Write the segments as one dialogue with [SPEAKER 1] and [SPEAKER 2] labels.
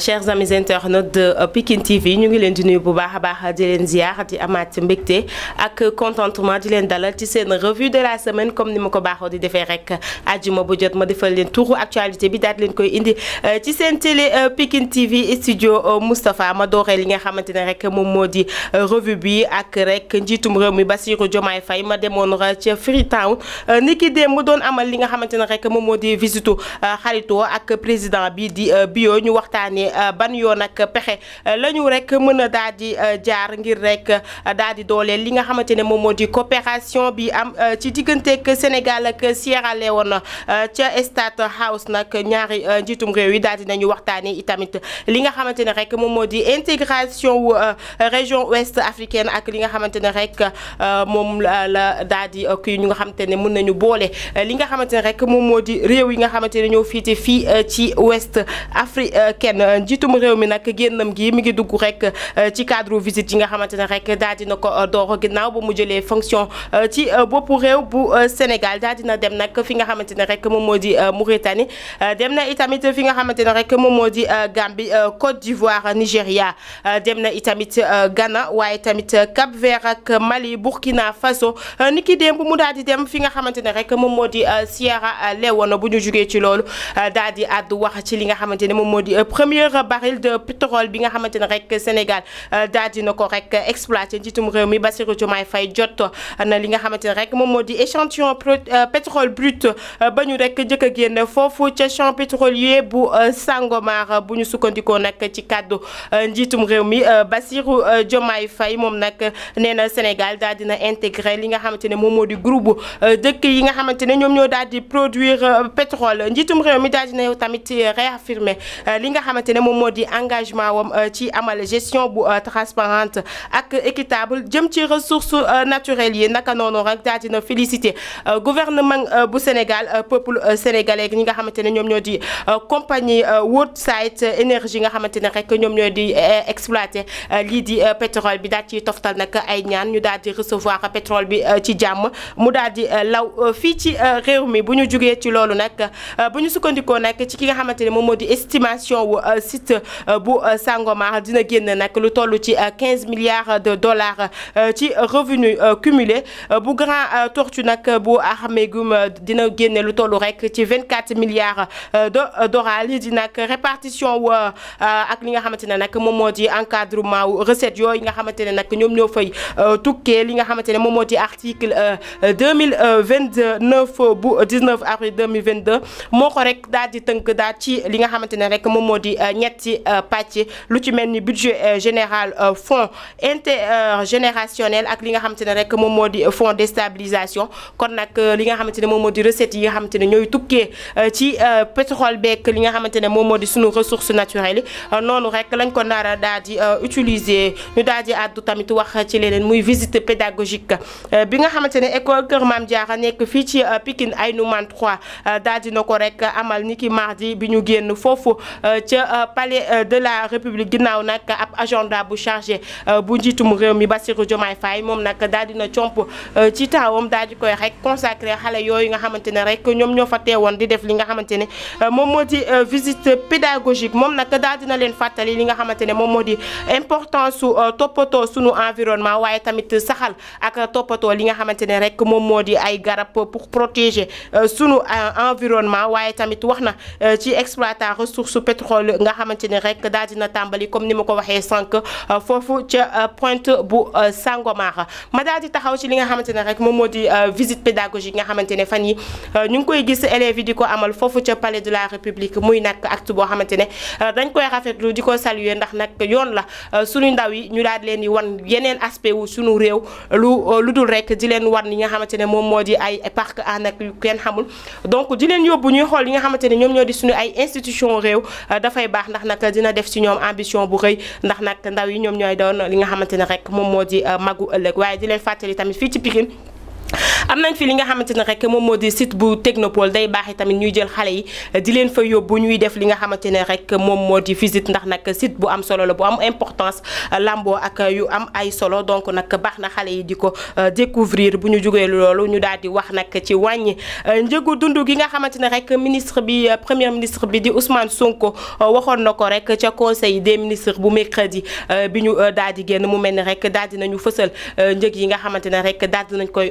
[SPEAKER 1] chers amis internautes de euh, Pikine TV ñu ngi leen di nuyu bu baax a baax di leen ziar di amaat ak contentement di leen dalal ci seen revue de la semaine comme ni ma ko baaxoo di defee rek àjjuma bu jot ma defal leen turu actualité bi daal di leen koy indi euh, ci seen télé euh, Pikine TV studio Moustapha ma dooree li nga xamante rek moom moo revue bi ak rek njiitum réew mi Bassirou Diomaye Faye ma demoon ca Freetown ni ki démb mu doon amal li nga xamante ne rek moom moo di visitu ak président bi di bio ñu waxtaanee euh, ban yo nak pexé euh, lañu rek mëna a daal di euh, jaar ngir rek li nga ne modi coopération bi am ci ak Sénégal ak Sierra Leone ci estate House Nak ñaari njiitum réew yi daal nañu itamit li nga rek mom modi intégration ou région ouest africaine ak li nga rek mom la daal di Yu ñu nga xamantene mën nañu li nga rek mom modi réew yi nga ñoo fité fi ci ouest africaine njiitum rewmi nak gennam gi mi ngi dugg rek euh, ci cadre visite yi nga xamante rek daal dina ko euh, door ginnaaw mu jëlee fonction euh, ci boppu rew bu Sénégal daal dina dem nak fi nga xamante rek mom modi Mauritanie dem na itamit fi nga xamante rek mom modi Gambie Côte d'Ivoire Nigeria dem na itamit Ghana waye tamit Cap Vert ak Mali Burkina Faso niki ki démb mu daal di dem fi nga xamante rek mom modi Sierra Leone bu ñu joge ci lolu daal di àddu wax ci li nga xamante mom modi premier téeméer baril de pétrole bi nga xamantene rek Sénégal euh, daal dina ko rek exploité njiitum réew mi basirou Diomaye fay jot na li nga xamantene rek mom modi échantillon euh, pétrole brut euh, ba rek jëk a génn foofu champ pétrolier bu Sangomar buñu ñu sukkandikoo nag ci kàddu njitum réew mi Bassirou Diomaye Faye moom nak Sénégal daal dina intégré li nga xamantene mom modi groupe dëkk yi nga xamantene ñom ñoo daal di produire pétrole njitum réew mi daal dina yow tamit réaffirmé li nga xamantene ne moom moo engagement wam euh, ci amal gestion bu euh, transparente ak équitable jëm ci ressources euh, naturelles yi naka noonu rek daal dina félicité gouvernement bu Sénégal peuple sénégalais ñi nga xamante ñom ñoom di compagnie Woodside énergie nga xamante rek ñom ñoo di exploité lii di pétrole bi daal ci toftal nak ay ñaan ñu recevoir pétrole bi ci jamm mu fiti di law fi ci réew mi bu ñu jugee ci lolu nak bu ñu sukkandikoo ci ki nga estimation wu site euh, bu euh, Sangomar dina génn nak lu tollu ci 15 euh, milliards de dollars ci revenu cumulé bu Grand Tortue nak bu Armegum dina génne lu tollu rek ci 24 milliards de dollars dina di répartition wu ak li nga xamantene nak nag encadrement ou recette yooyu nga xamantene nak ñom ñoo fay li nga xamantene ne article 2029 bu 19 avril 2022 moko rek dal di teunk dal ci li nga xamantene rek moom ñetti patch euh, lu ci melni budget euh, général euh, fond intergénérationnel ak li nga xamantene rek mom modi fond de stabilisation kon nak li nga xamantene mom modi recette yi nga xamantene ñoy ñooy ci pétrole bek li nga xamantene mom modi moo sunu ressources naturelles yi rek lañ ko nar a utiliser ñu daal addu tamit wax ci leneen muy visite pédagogique bi nga xamantene école Kër mam Diarra nek fi ci Pikine Aïnoumane 3 daal di rek amal niki mardi bi ñu génn fofu ci palais euh, de la république ginnaaw nak ab agenda bu chargé euh, bu njitum réew mi Bassirou Diomaye Faye mom nak daal dina euh, ci tawam dal di koy rek consacré xalé yoy nga xamantene rek ñom ñoo fa di def li nga visite pédagogique mon nak daal dina leen li nga xamantene mom modi importance Topoto suñu sunu environnement waye tamit saxal ak topoto li nga xamantene rek mom modi ay garap pour protéger sunu environnement waye tamit waxna qui ci exploitant ressource pétrole xamante rek dal dina tambali comme ni ma ko waxee sànq euh, foofu ca euh, pointe bu euh, Sangomar ma dal di taxaw ci li nga xamante rek mom modi visite pédagogique nga xamante ne fan yi ñu ngi koy gis élèves yi amal fofu ca palais de la république muy nak acte bo xamante dañ koy rafetlu di ko saluer ndax nak yoon la suñu ndaw yi ñu dal leen di wan yenen aspect wu suñu rew lu ludul rek di leen wan nga xamante mom modi ay parc en ak hamul xamul donc di leen yobbu ñuy xol li nga xamante ñom ñoo di suñu ay institution réew dafay baax ndax nag dina def ci ñoom ambition bu xëy ndax nag ndaw yi ñoom ñooy doon li nga xamante ne rek moom moo di euh, magu ëllëg waaye di leen fàttali tamit fii ci Pikine amnañ fi li nga xamanteni rek mom modi site bu technopole day baax tamit ñuy jël xalé yi di leen fa yóbbu ñuy def li nga xamanteni rek mom modi visite ndax site bu am solo la bu am importance Lambo ak yu am ay solo donc on baxna xalé yi diko euh, découvrir bu ñu jógee lolu ñu daldi wax nak ci ñeegu euh, dundu gi nga rek ministre bi euh, premier ministre bi di Ousmane Sonko waxon nako rek ci conseil des ministres bu mercredi bi ñu daal mu rek daldi nañu fësal ñeeg yi nga xamanteni rek daldi nañ koy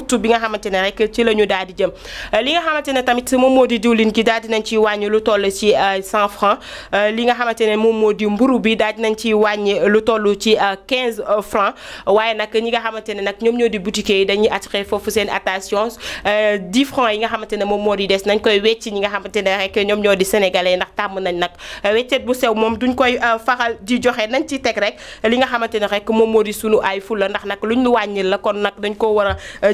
[SPEAKER 1] août bi nga xamante ne rek ci la ñu daal di jëm li nga xamante ne tamit moom moo di diwlin gi daal di nañ ciy wàññi lu toll ci 100 euh, francs euh, li nga xamante ne wàññi lu toll ci euh, francs waaye nag ñi nga xamante ne nag ñoom ñoo di boutique yi dañuy attiré foofu seen attention 10 francs yi nga xamante ne moom moo di des nañ koy wecc ñi nga xamante ne rek ñoom ñoo di sénégalais ndax tàmm nañ nag weccet bu sew moom duñ koy faral di joxe nañ ci teg rek li nga xamante ne rek moom moo di sunu ay fula ndax nag luñ lu wàññil la kon nag dañ a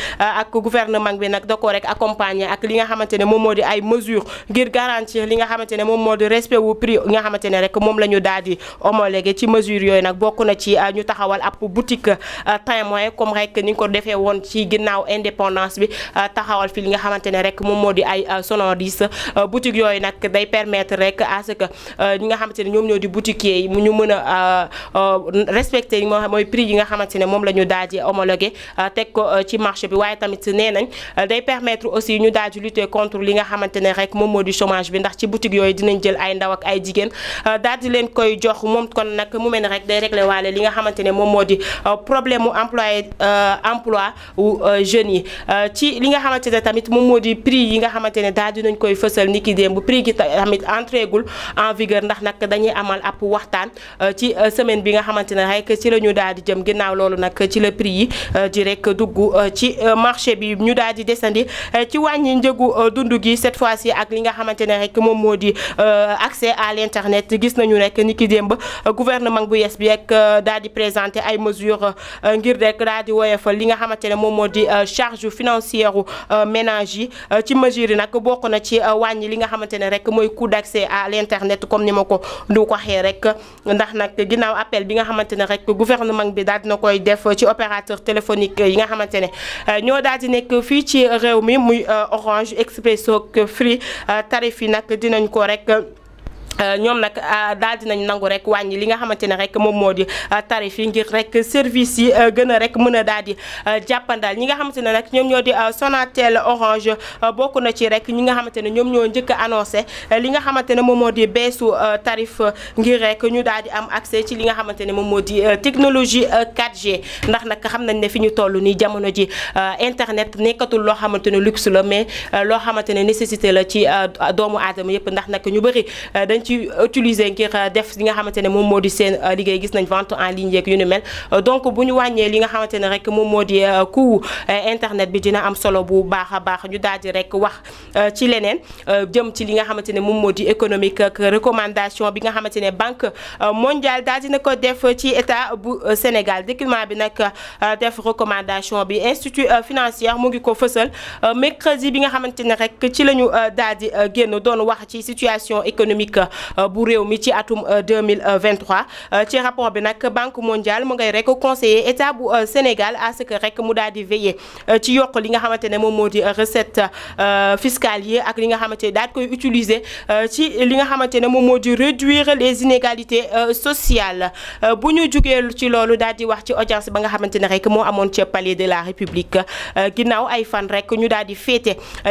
[SPEAKER 1] Euh, ak gouvernement bi nag da koo rek accompagner ak li nga xamante ne moom moo di ay mesures ngir garantir li nga xamante ne moom moo di respect wu rek moom la ñu daal di homologué ci yooyu nag bokk na ci euh, ñu taxawal ab boutique euh, témoin comme rek ni ñu ko defee woon ci ginnaaw indépendance bi taxawal fi li nga xamante ne rek moom moo di ay sonoris boutique yooyu nag day permettre rek à que ñi nga xamante ne ñoom ñoo di boutiquier yi ñu mën a respecter mooy prix yi nga xamante ne moom la ñu daal di teg ko ci marché bi tamit euh, day permettre aussi ñu daal lutter contre li nga xamantene rek mom modi chômage bi ndax ci boutique yooyu dinañ jël ay ndaw ak ay jigen euh, daal di leen koy jox mom kon nak mu mel rek day régler walé li nga xamantene mom modi euh, problème emploi emploi ou jeunes yi ci li nga xamante tamit mom modi prix yi nga xamantene ne daal koy fësal niki demb prix gi tamit entré en vigueur ndax nak dañuy amal app waxtaan ci semaine bi nga xamantene rek ci lañu ñu daal di jëm ginnaw lolu nak ci le prix yi di rek dugg ci euh, marché bi ñu daal di desandi euh, ci wàññi ñeegu euh, dundu gi cette fois ci ak li nga xamantene rek mom modi accès à l'internet gis nañu rek niki demb gouvernement bu yees bi daal di présenté ay mesures ngir rek daal di woyofal li nga xamantene mom modi charge financière ménage yi ci mesures nak nag ci li nga xamantene rek moy coût d'accès à l'internet comme ni ma ko du ko rek ndax nak ginnaw appel bi nga xamantene rek gouvernement bi daal dina koy def ci opérateur téléphonique yi nga xamantene Euh, ñoo daal di nekk fii ci réew mi muy euh, Orange Expresso ak Free euh, tarif yi nag dinañ ko rek Euh, ñoom nag euh, daal dinañ nangu rek wàññi li nga xamante ne rek moom moo di euh, tarif yi ngir rek service yi gën a rek mën a daal di jàppandal ñi nga xamante ne nag ñoom ñoo di Sonatel Orange bokk na ci rek ñi nga xamante ne ñoom ñoo njëkk a li nga xamante ne moom moo di beesu tarif ngir rek ñu daal di am accès ci li nga xamante ne moom moo di technologie 4G ndax nag xam nañ ne fi ñu toll nii jamono ji internet nekkatul loo xamante ne luxe la mais loo xamante ne nécessité la ci doomu aadama yëpp ndax nag ñu bëri dañ ci ci euh, utiliser ngir euh, def li nga xamantene mom modi sen euh, liguey gis nañ vente en ligne yeeg yu mel donc buñu ñu li nga xamantene rek mom modi di coût internet bi dina am solo bu baax baax ñu daldi rek wax ci lenen jëm ci li nga xamantene mom modi économique ak recommandation bi nga xamantene banque mondiale daal dina def ci état bu Sénégal document bi nak def recommandation bi institut financier mo ngi ko fësal mercredi bi nga xamantene rek ci lañu daldi genn doon wax ci situation économique euh, bu réew mi ci atum 2023 euh, euh, ci rapport bi nak banque mondiale mo ngay rek conseiller état bu Sénégal à ce que rek mu daal veiller ci yok li nga xamantene mom modi recette fiscale yi ak li nga xamantene ne koy utiliser ci li nga xamantene mom modi réduire les inégalités sociales bu ñu jugee ci lolu daal wax ci audience ba nga xamantene rek mo amone ci palais de la république ginnaw ay fan rek ñu daal di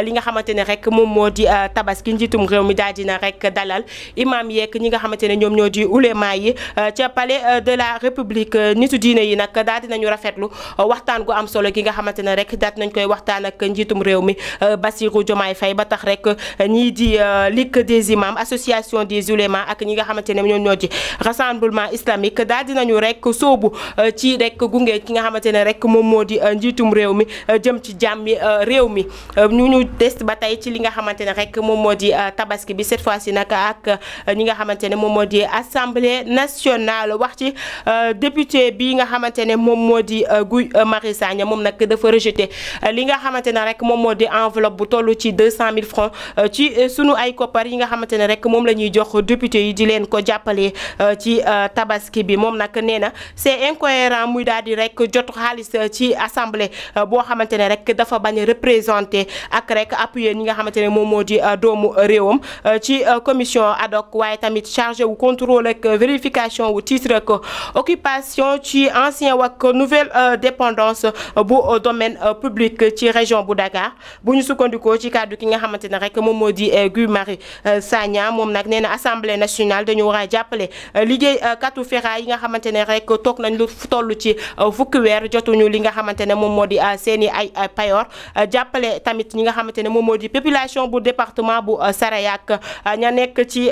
[SPEAKER 1] li nga xamantene rek mom modi tabaski njiitum réew mi rek dalal imam yeeg ñi nga xamante ne ñoom ñoo di ulema yi euh, ca palais euh, de la république euh, nitu diine yi nag daal dinañu rafetlu waxtaan gu am solo ki nga xamante ne rek daal dinañ koy waxtaan ak njiitum réew mi Bassirou Diomaye Faye ba tax rek ñii di ligue des imams association des ulémas ak ñi nga xamante ne ñoom ñoo di rassemblement islamique daal dinañu rek soobu ci rek gunge ki nga xamante ne rek moom moo di njiitum réew mi jëm ci jàmmi réew mi ñu ñu des ba tey ci li nga xamante ne rek moom moo di tabaski bi cette fois ci nag ak Euh, ñi nga xamantene mom modi assemblée nationale wax ci euh, député bi nga xamantene mom modi euh, Guy Marius Sagna mom nak dafa rejeter li nga xamantene rek mom modi enveloppe bu tollu ci 200 000 francs ci sunu ay copar yi nga xamantene rek mom lañuy jox député yi di len ko jappalé ci tabaski bi mom nak néna c'est incohérent muy daal rek jot xaliss ci assemblée bo xamantene de rek dafa bañ représenter ak rek appuyer ñi nga xamantene mom modi doomu ci commission paddock waaye tamit chargé wu contrôle ak vérification wu titre ak occupation ci ancien wak nouvelle euh, dépendance bu euh, domaine euh, public ci région bu Dakar bu ñu du ci kàddu ki nga xamante ne rek moom moo Guy Marie Sagna mon nag assemblée nationale dañu war a jàppale liggéey katu fera nga xamantene rek tok nañ lu tollu ci fukki weer jotuñu li nga xamantene mom modi a seni ay payor jàppale tamit ñi nga xamantene mom modi population bu département bu Sarayak ña nek ci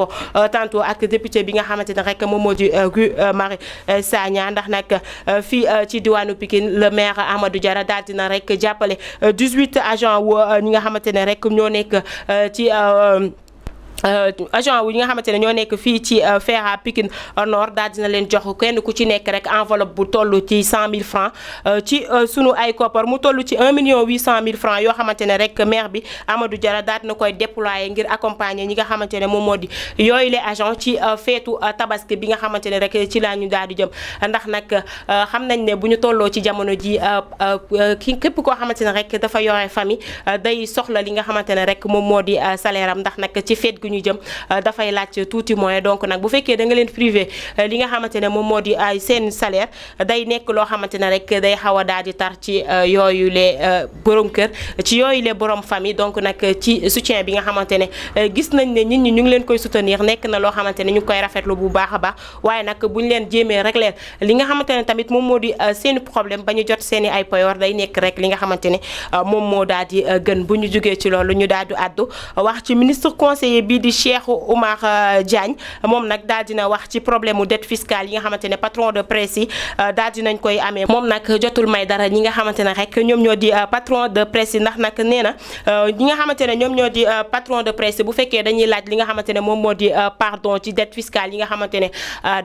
[SPEAKER 1] ko euh, tantôt ak député bi nga xamante rek mom modi rue euh, euh, Marie Sagna ndax nak fi ci diwanu Pikine le maire Amadou Diara dal dina rek jàppale 18 agents wu ñi nga xamante rek ño nek ci Euh, agent wu ñi nga xamante ne ñoo nekk fii ci euh, Fera Pikine euh, Nord daal dina leen jox kenn ku ci nekk rek enveloppe bu tollu ci cent mille francs ci sunu ay koppar mu toll ci 1 million 800000 francs yoo xamante ne rek maire bi Amadou Diarra daal dina koy déployer ngir accompagner ñi nga xamante ne moom moo di yooyu les agent ci feetu tabaski bi nga xamante ne rek ci laa ñu daal di jëm ndax nag xam nañ ne bu ñu tolloo ci jamono ji ki képp koo xamante ne rek dafa yore famille day soxla li nga xamante ne rek moom moo di salaire ndax nag ci feet gi ñu jëm euh, dafay laaj tuuti moyen donc nag bu fekkee da nga leen privé euh, li nga xamante ne moom moo di ay seen salaire day nekk loo xamante ne rek day xaw a daal di tar ci euh, yooyu les borom kër ci yooyu les borom famille donc nag ci soutien bi nga xamante ne gis nañ ne nit ñi ñu ngi leen koy soutenir nekk na loo xamante ne ñu ngi koy rafetlu bu a baax waaye nag bu leen jéemee rek leen li nga xamante ne tamit moom moo di seen problème ba ñu jot seen ay payoor day nekk rek li nga xamante ne moom moo daal di gën bu ñu jugee ci loolu ñu daal di àddu wax ci ministre conseiller bi kii di Cheikh Oumar euh, Diagne moom nag daal dina wax ci problème mu dette fiscale yi nga xamante ne patron de presse yi euh, daal dinañ koy amee moom nag jotul may dara ñi nga xamante ne rek ñoom ñoo di euh, patron de presse yi ndax nag nee na ñi nga xamante ne ñoom ñoo di patron de presse bu fekkee dañuy laaj li nga xamante ne moom moo di pardon ci dette fiscale yi nga xamante ne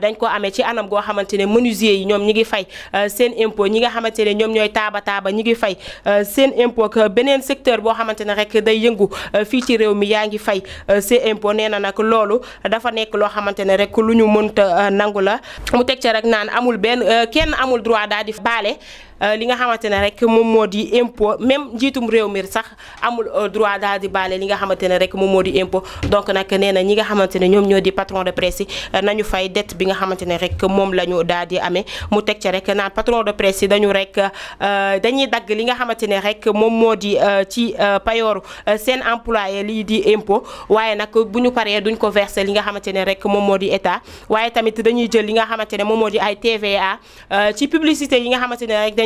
[SPEAKER 1] dañ ko amee ci anam goo xamante ne menuisier yi ñoom ñi ngi fay seen impôt ñi nga xamante ne ñoom ñooy taaba taaba ñi ngi fay seen impôt beneen secteur boo xamante ne rek day yëngu impo nee na nag loolu dafa nekk loo xamante ne rek lu ñu mënta euh, nangu la mu teg ca rek naan amul benn euh, kenn amul droit daal di baale Euh, li nga xamante ne rek moom moo di impôt même njiitum réew mi sax amul euh, droit daal di baale li nga xamante ne rek moom moo di impôt donc nag nee na ñi nga xamante ne ñoom ñoo di patron de presse yi euh, nañu fay dette bi nga xamante ne rek moom la ñu daal di amee mu teg ci rek naan patron de presse yi dañu rek dañuy dagg li nga xamante ne rek moom moo di ci payooru seen employé lii di impôt waaye nag bu ñu paree duñ ko verser li nga xamante ne rek moom moo di état waaye tamit dañuy jël li nga xamante ne moom moo di ay TVA ci publicité yi nga xamante rek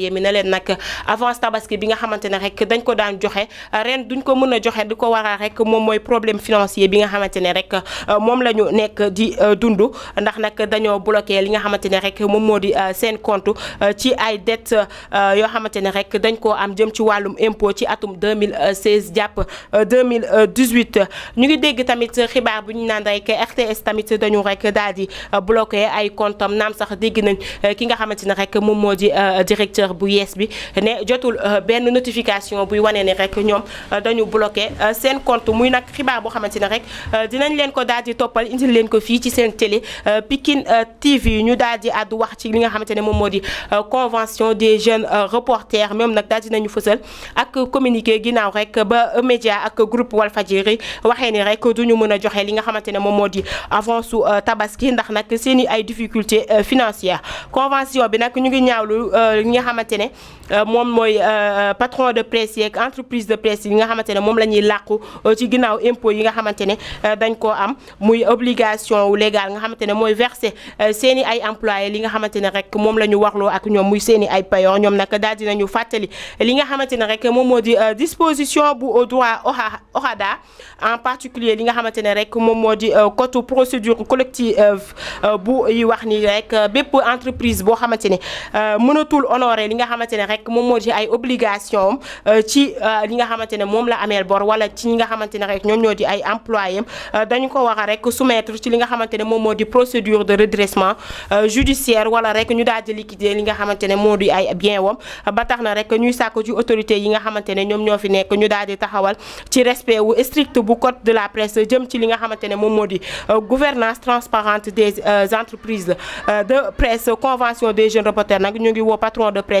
[SPEAKER 1] employé mi ne leen nag avance tabaski bi nga xamante ne rek dañ ko daan joxe ren duñ ko mën a joxe di ko waral rek moom mooy problème financier bi nga xamante ne rek moom la ñu nekk di dund ndax nag dañoo bloqué li nga xamante ne rek moom moo di seen compte ci ay dette yoo xamante ne rek dañ koo am jëm ci wàllum impôt ci atum 2016 jàpp 2018 ñu ngi dégg tamit xibaar bu ñu naan rek RTS tamit dañu rek daal di bloqué ay compte am naam sax dégg nañ ki nga xamante ne rek moom moo di directeur ministère bu yes bi ne jotul ben notification bu wane rek ñom euh, dañu bloqué euh, sen compte muy nak xibaar bo xamante rek dinañ leen ko daldi topal indil leen ko fi ci sen télé Pikine TV ñu daldi add wax ci li nga xamante mom modi convention des jeunes reporters même nak daldi nañu fësal ak communiqué ginaaw rek ba média ak groupe Walfadjiri waxee ni rek duñu mëna a joxe li nga xamante mom modi avance tabaski ndax nak seen ay difficultés financières convention bi nak ñu ngi ñaawlu li nga xamante ne euh, euh, patron de presse entreprise de presse yi nga xamante mom lañuy la euh, ci ginnaaw impôt yi nga xamante dañ ko am muy obligation légale nga xamante moy verser seen i ay employé li nga xamante rek mom la ñu ak ñom muy seen ay payor ñom nak daal dinañu li nga rek mom modi disposition bu au droit OHADA en particulier li nga xamante rek mom modi code procédure collective bu yi wax ni rek bép entreprise bo xamante mënatul honorer li nga xamantene rek mom ay obligation euh, ci euh, li nga xamantene mom la amel bor wala ci nga xamantene rek ñom ñoo di ay employé euh, dañ ko rek soumettre ci li nga xamantene mom procédure de redressement judiciaire wala rek ñu daal di liquider li nga xamantene ne di ay bien wam ba tax na rek ñuy sàkk ci autorité yi nga xamantene ñom ñoom ñoo fi nekk ñu daal di taxawal ci respect wu strict bu code de la presse jëm ci li nga xamantene mom gouvernance transparente des entreprises de presse convention des jeunes reporters nak ñu ngi patron de presse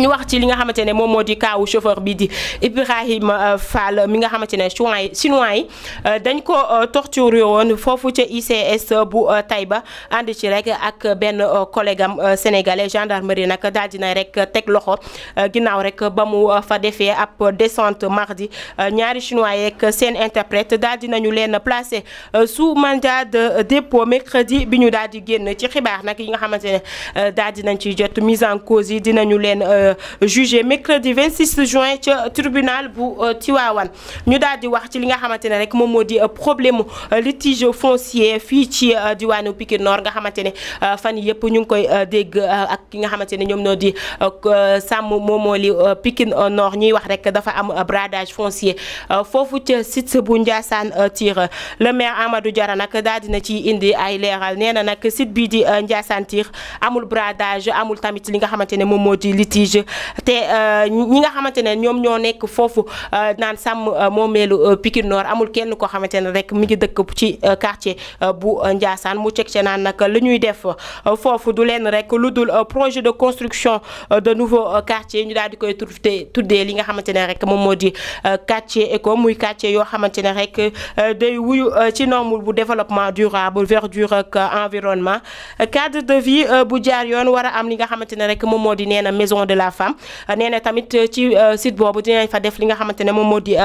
[SPEAKER 1] ñu wax ci li nga xamantene mom modi chauffeur bi di ibrahim euh, Fall mi nga xamantene chinois yi euh, dañ ko euh, ICS bu taiba ande ci rek ak ben collègue sénégalais gendarmerie nak daal di na rek tek loxo ginnaw rek fa descente mardi ñaari chinois sen interprète daal di nañu len placé sous mandat de dépôt mercredi biñu ñu ci xibaar yi nga ne ci jot mise en cause yi dinañu euh, jugé mercredi 26 juin ci tribunal bu euh, Tiwawan ñu daal di wax ci li nga xamantene rek mom modi euh, problème litige foncier fi ci diwaanu Pikine Nord nga xamantene ne fan yëpp ñu ngi koy dégg ak ki nga xamantene ñom ñoom noo di sàmm moomoo li Pikine Nord ñi wax rek dafa am bradage foncier fofu ci site bu Ndiassane Tir le maire Amadou Diara nak daal dina ci indi ay leeral néna nak site bi di Ndiassane Tir amul bradage amul tamit li nga xamantene mom modi litige religieux te euh, ñi nga xamante ne ñoo nek fofu euh, naan sam euh, momelu Pikine Nord amul kenn ko rek mi ngi dëkk ci quartier bu Ndiassane mu ceg ci naan nak li def fofu du leen rek luddul projet de construction de nouveau quartier ñu dal di koy tuddee tuddee li nga xamante rek mom modi quartier éco muy quartier yo xamante rek day wuyu ci bu développement durable verdure ak environnement cadre de vie bu jaar yoon wara am li nga rek mom modi néna maison de la la femme euh, nee na tamit euh, ci euh, site boobu dinañ fa def li nga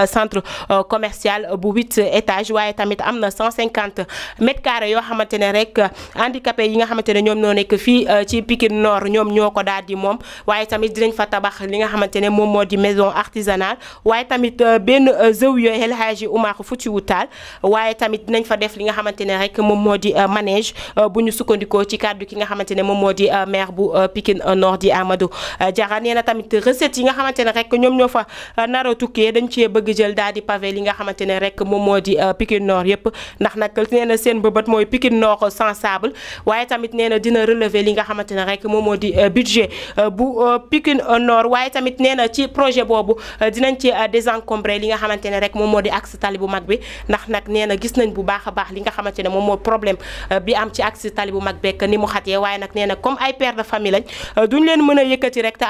[SPEAKER 1] centre commercial bu 8 étage waye tamit amna 150 mètres carrés yo xamantene rek handicapé yi nga xamantene ñom ñoom ñoo ci Pikine Nord ñom ñoko daldi mom di moom waaye tamit dinañ fa tabax li nga xamantene mom modi maison artisanale waye tamit benn yo El Hadji Oumar Foutiyou Tall waye tamit dinañ fa def li nga xamantene rek mom modi manège bu ñu ci cadre ki nga xamantene mom modi maire bu Pikine Nord di Amadou Diakhar nee na tamit recettes yi nga xamante ne rek ñoo fa uh, nar a tukkee dañ cee bëgg jël daal di pavé li nga xamante ne rek moom moo di uh, Pikine Nord yëpp ndax nag nee na seen bëbët mooy Pikine Nord sans sable waaye tamit nee na dina relever li nga xamante ne rek moom moo di uh, budget bu Pikine Nord waaye tamit nee na ci projet boobu dinañ ci désencombré li nga xamante ne rek moom moo di axe tali bu mag bi ndax nag nee na gis nañ bu baax a baax li nga xamante ne moom moo problème bi am ci axe tali bu mag bekk ni mu xatee waaye nag nee na comme ay père de famille lañ duñ leen mën a yëkkati rek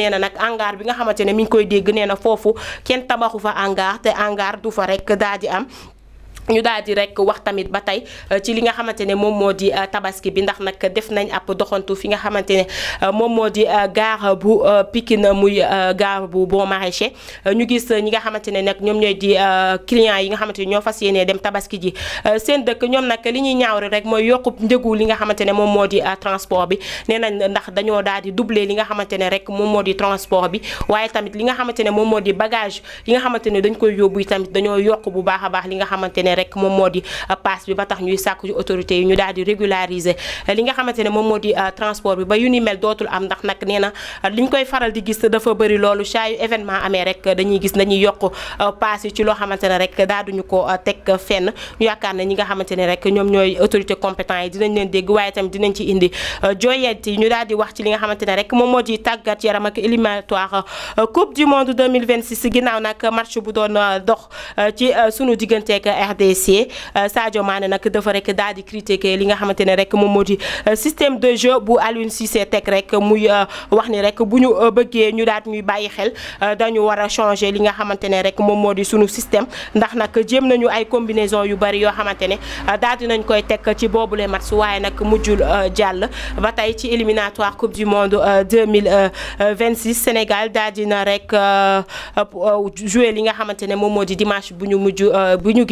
[SPEAKER 1] nee na nag hangar bi nga xamante ne mi ngi koy dégg nee na foofu kenn tabaxu fa hangar te hangar du fa rek daa di am ñu daal di rek wax tamit ba tey euh, ci li nga xamante ne moom moo di euh, tabaski bi ndax nag def nañ ab doxantu fi nga xamante ne euh, moom moo di gaar bu Pikine muy gaar bu Bon Maraîcher ñu gis ñi nga xamante ne nag ñoom ñooy di clients yi nga xamante ne ñoo fas yéenee dem tabaski ji seen dëkk ñoom nag li ñuy ñaawri rek mooy yokkub njëgu li nga xamante ne moom moo di transport bi nee nañ ndax dañoo daal di doubler li nga xamante ne rek moom moo di transport bi waaye tamit li nga xamante moom moo di bagage yi nga xamante dañ koy yóbbu tamit dañoo yokk bu baax a baax li nga xamante rek moom moo di euh, paas bi ba tax ñuy sàkku ci autorités yi ñu daal di euh, li nga xamante moom moo euh, transport bi ba yu ni mel dootul am ndax nag nee na koy faral di gis dafa bëri loolu saa événement amee rek dañuy gis dañuy yokk paas yi ci loo xamante ne rek daa ko teg fenn ñu yaakaar ne ñi nga xamante rek ñoom ñooy autorité compétent yi dinañ leen dégg waaye tamit dinañ ci indi jooyeet yi ñu daal wax ci li nga xamante rek moom moo PSC euh, Sadio Mané nak dafa rek daal di critiquer li nga xamantene rek mom modi euh, système de jeu bu Aliou Cissé teg rek muy euh, wax ni rek buñu ñu ñu daat ñuy bayyi xel dañu wara changer li nga xamantene rek mom modi suñu système ndax nak jëm nañu ay combinaison yu bari yo xamantene ne di nañ koy tek ci match mujjul ba ci éliminatoire coupe du monde 2026 Sénégal daal na rek jouer li nga xamantene mom modi dimanche buñu muju buñu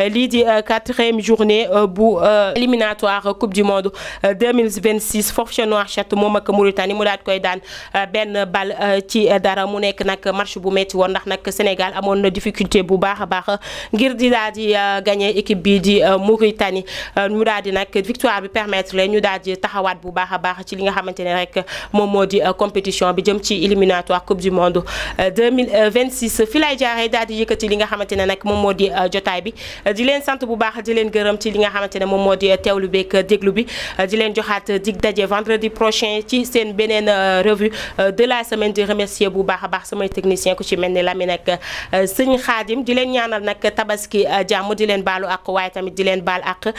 [SPEAKER 1] euh, lii di euh, quatrième journée euh, bu éliminatoire coupe du monde 2026 forfait Nouakchott moom ak Mauritanie mu daal di koy daan benn bal ci dara mu nekk nak match bu metti Sénégal amoon na difficulté bu baax Girdi baax ngir di daal di gagné équipe bi di Mauritanie ñu daal di victoire bi permettre les ñu daal di taxawaat bu baax a ci li nga xamante rek moom compétition bi jëm ci éliminatoire coupe du monde 2026 fi lay jaaree daal di yëkkati li nga xamante ne nag di bi di leen sant bu baax di leen gërëm ci li nga xamante ne moom moo di teewlu beeg déglu bi di leen joxaat dig daje vendredi prochain ci seen beneen euh, revue euh, de la semaine di remercier bu baax a baax samay technicien ku ci mel ni Lamine ak euh, sëñ Xaadim di leen ñaanal nag tabaski jàmm di leen baalu ak waaye tamit di leen baal ak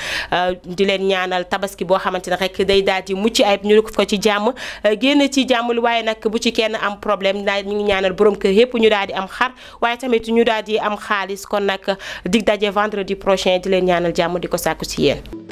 [SPEAKER 1] di leen ñaanal tabaski boo xamante ne rek day daal di mucc ay ñu ko ci jàmm génn ci jàmm lu waaye nag bu ci kenn am problème daa ñu ngi ñaanal borom kër yëpp ñu daal di am vendredi prochain di leen ñaanal jàmm di ko sàkku si yéen